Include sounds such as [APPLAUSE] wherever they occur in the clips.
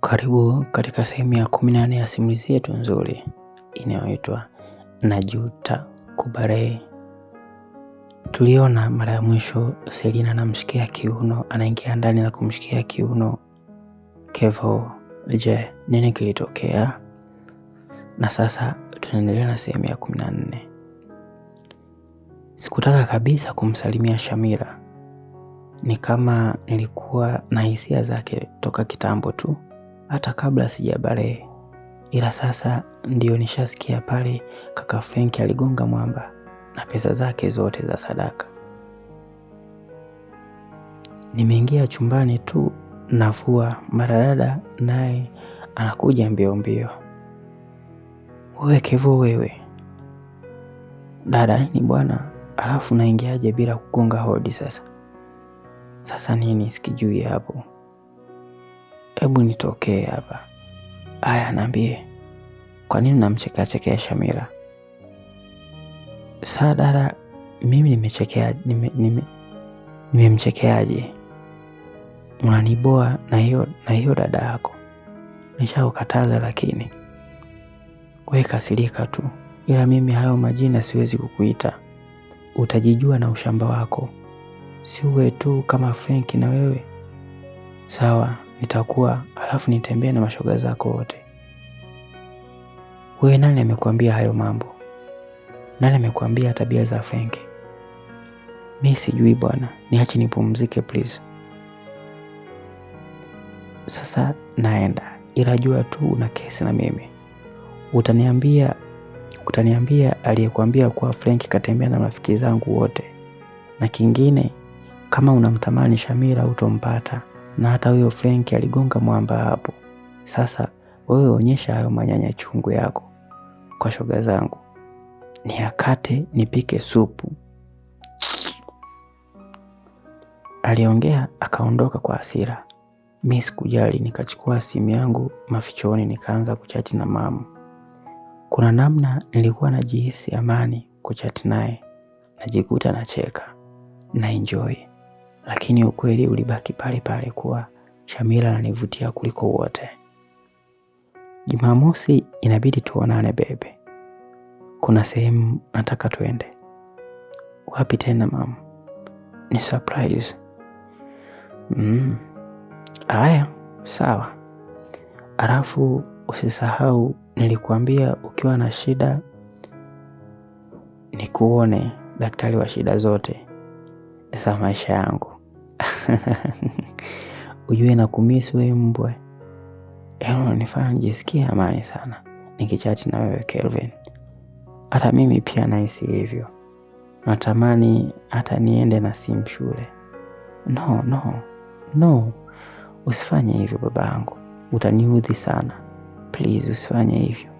Karibu katika sehemu ya kumi na nne ya simulizi yetu nzuri inayoitwa Najuta Kubalehe. Tuliona mara ya mwisho Selina anamshikia kiuno, anaingia ndani na kumshikia kiuno Kevo. Je, nini kilitokea? Na sasa tunaendelea na sehemu ya kumi na nne. Sikutaka kabisa kumsalimia Shamira, ni kama nilikuwa na hisia zake toka kitambo tu hata kabla sijabalehe, ila sasa ndiyo nishasikia pale kaka Frenki aligonga mwamba na pesa zake zote za sadaka. Nimeingia chumbani tu navua, mara dada naye anakuja mbio mbio, wewe Kevo, wewe dada nini bwana, alafu naingiaje bila kugonga hodi? Sasa sasa nini sikijui hapo hebu nitokee hapa. Aya, niambie, kwa nini namchekachekea Shamira? Saa dada, mimi nimechekea nimemchekeaje? nime, nimemchekeaje? unaniboa na hiyo na hiyo dada yako nishaukataza, lakini we kasirika tu, ila mimi hayo majina siwezi kukuita, utajijua na ushamba wako. Si uwe tu kama Frenki na wewe sawa itakuwa alafu nitembee na mashoga zako wote. Wewe nani amekuambia hayo mambo? Nani amekuambia tabia za Fenke? Mi sijui bwana, niache nipumzike please. Sasa naenda, ila jua tu una kesi na mimi. Utaniambia, utaniambia aliyekuambia kuwa Frenki katembea na marafiki zangu wote, na kingine, kama unamtamani Shamira utompata na hata huyo Frank aligonga mwamba hapo. Sasa wewe onyesha hayo manyanya chungu yako kwa shoga zangu, ni akate nipike supu. Aliongea akaondoka kwa hasira. Mi sikujali, nikachukua simu yangu mafichoni, nikaanza kuchati na mama. Kuna namna nilikuwa najihisi amani kuchati naye, najikuta nacheka na enjoy lakini ukweli ulibaki pale pale kuwa Shamila ananivutia kuliko wote. Jumamosi inabidi tuonane bebe, kuna sehemu nataka twende. Wapi tena mama? Ni surprise. Mm. Aya, sawa. Alafu usisahau nilikuambia ukiwa na shida nikuone daktari wa shida zote za maisha yangu [LAUGHS] ujue na kumisi wewe mbwe, yaani unanifanya nijisikie amani sana nikichati na wewe Kelvin. Hata mimi pia nahisi hivyo, natamani hata niende na simu shule. No, no, no, usifanye hivyo yangu, utaniudhi sana. Please usifanye hivyo,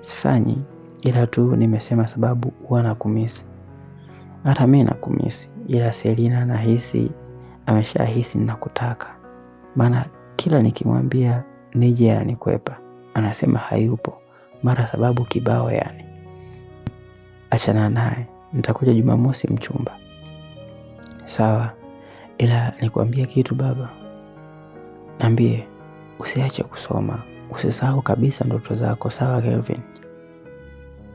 sifanyi, ila tu nimesema sababu huwa nakumisi hata mimi nakumisi, ila Selina nahisi ameshahisi nakutaka, maana kila nikimwambia nije ananikwepa, anasema hayupo mara sababu kibao. Yani achana naye, nitakuja Jumamosi mchumba. Sawa, ila nikwambie kitu baba, nambie, usiache kusoma, usisahau kabisa ndoto zako. Sawa Kelvin,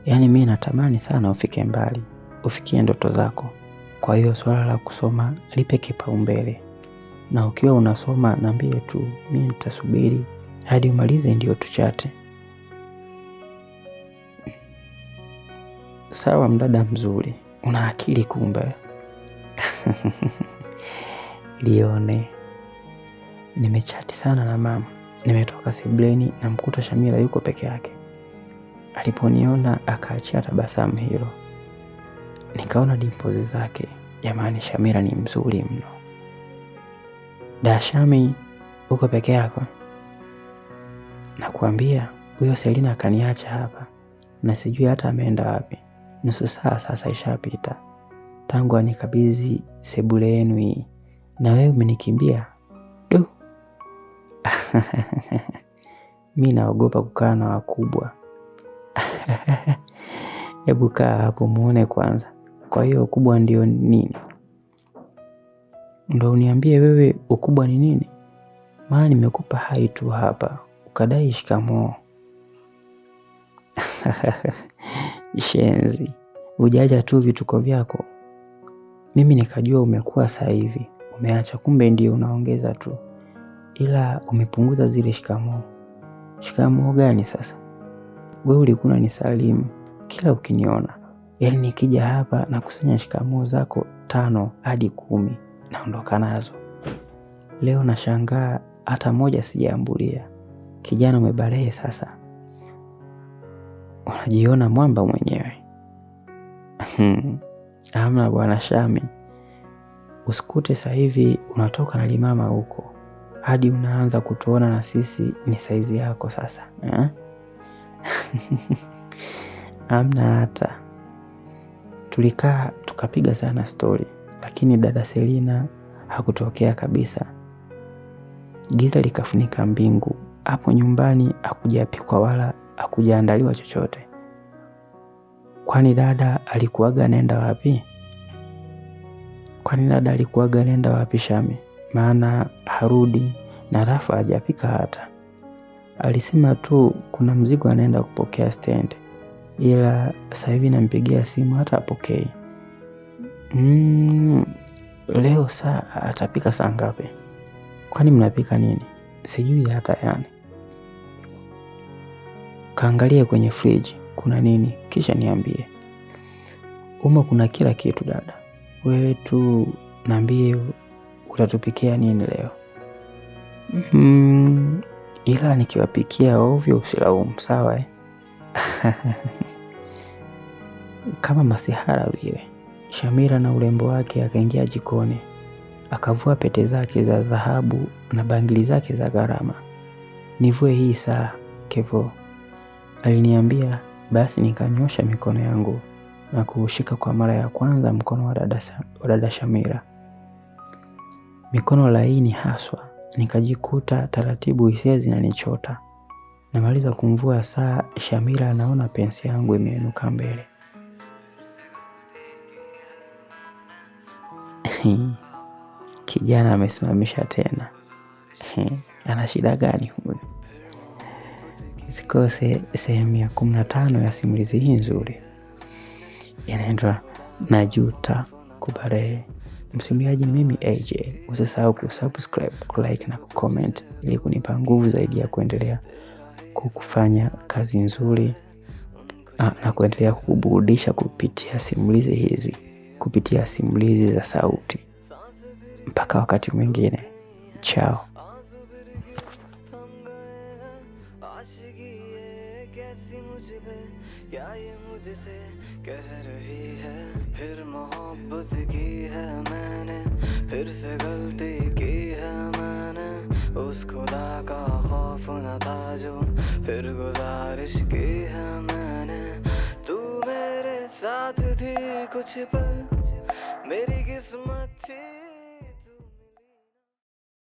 yaani mi natamani sana ufike mbali ufikie ndoto zako. Kwa hiyo swala la kusoma lipe kipaumbele, na ukiwa unasoma naambie tu, mimi nitasubiri hadi umalize ndio tuchate. Sawa, mdada mzuri, una akili kumbe. [LAUGHS] Lione, nimechati sana na mama. Nimetoka sebleni na mkuta Shamila yuko peke yake. Aliponiona akaachia tabasamu hilo Nikaona dimpozi zake, jamani, Shamira ni mzuri mno. Dashami, uko peke yako? Nakuambia huyo Selina akaniacha hapa na sijui hata ameenda wapi. Nusu saa sasa ishapita tangu anikabidhi sebule yenu hii, na wewe umenikimbia du! [LAUGHS] mi naogopa kukaa na wakubwa. [LAUGHS] Hebu kaa hapo muone kwanza. Kwa hiyo ukubwa ndio nini? Ndo uniambie wewe ukubwa ni nini? Maana nimekupa hai tu hapa, ukadai shikamoo. [LAUGHS] Shenzi, ujaja tu vituko vyako, mimi nikajua umekuwa saa hivi umeacha, kumbe ndio unaongeza tu, ila umepunguza zile shikamoo. Shikamoo gani sasa? We ulikuwa salimu kila ukiniona Yaani nikija hapa nakusanya shikamoo zako tano hadi kumi naondoka nazo. Leo nashangaa hata moja sijaambulia. Kijana umebalee sasa. Unajiona mwamba mwenyewe. [LAUGHS] amna bwana Shami. Usikute sahivi hivi unatoka na limama huko. Hadi unaanza kutuona na sisi ni saizi yako sasa. Eh? [LAUGHS] amna hata. Tulikaa tukapiga sana stori, lakini dada Selina hakutokea kabisa. Giza likafunika mbingu. Hapo nyumbani hakujapikwa wala hakujaandaliwa chochote. Kwani dada alikuwaga anaenda wapi? Kwani dada alikuwaga anaenda wapi Shami? Maana harudi na rafa ajapika hata. Alisema tu kuna mzigo anaenda kupokea stendi ila sasa hivi nampigia simu hata apokei. Mm, leo saa atapika saa ngapi? Kwani mnapika nini? Sijui hata yani. Kaangalia kwenye friji kuna nini, kisha niambie. Umo kuna kila kitu dada, wewe tu naambie utatupikia nini leo. Mm, ila nikiwapikia ovyo usilaumu, sawa eh? [LAUGHS] Kama masihara vile, Shamira na urembo wake akaingia jikoni, akavua pete zake za dhahabu na bangili zake za gharama. Nivue hii saa Kevo, aliniambia. Basi nikanyosha mikono yangu na kuushika kwa mara ya kwanza mkono wa dada, wa dada Shamira, mikono laini haswa. Nikajikuta taratibu hisia zinanichota. Namaliza kumvua saa, Shamira anaona pensi yangu imeinuka mbele. [LAUGHS] Kijana amesimamisha tena. [LAUGHS] Ana shida gani huyu? Sikose sehemu ya kumi na tano ya simulizi hii nzuri, inaitwa Najuta Kubarehe. Msimuliaji ni mimi AJ. Usisahau kusubscribe, kulike na kucomment ili kunipa nguvu zaidi ya kuendelea kukufanya kazi nzuri na kuendelea kukuburudisha kupitia simulizi hizi, kupitia simulizi za sauti. Mpaka wakati mwingine, chao. फिर से गलती की है मैंने उस खुदा का खौफना बाजू फिर गुजारिश की है मैंने तू मेरे साथ थी कुछ पल मेरी किस्मत थी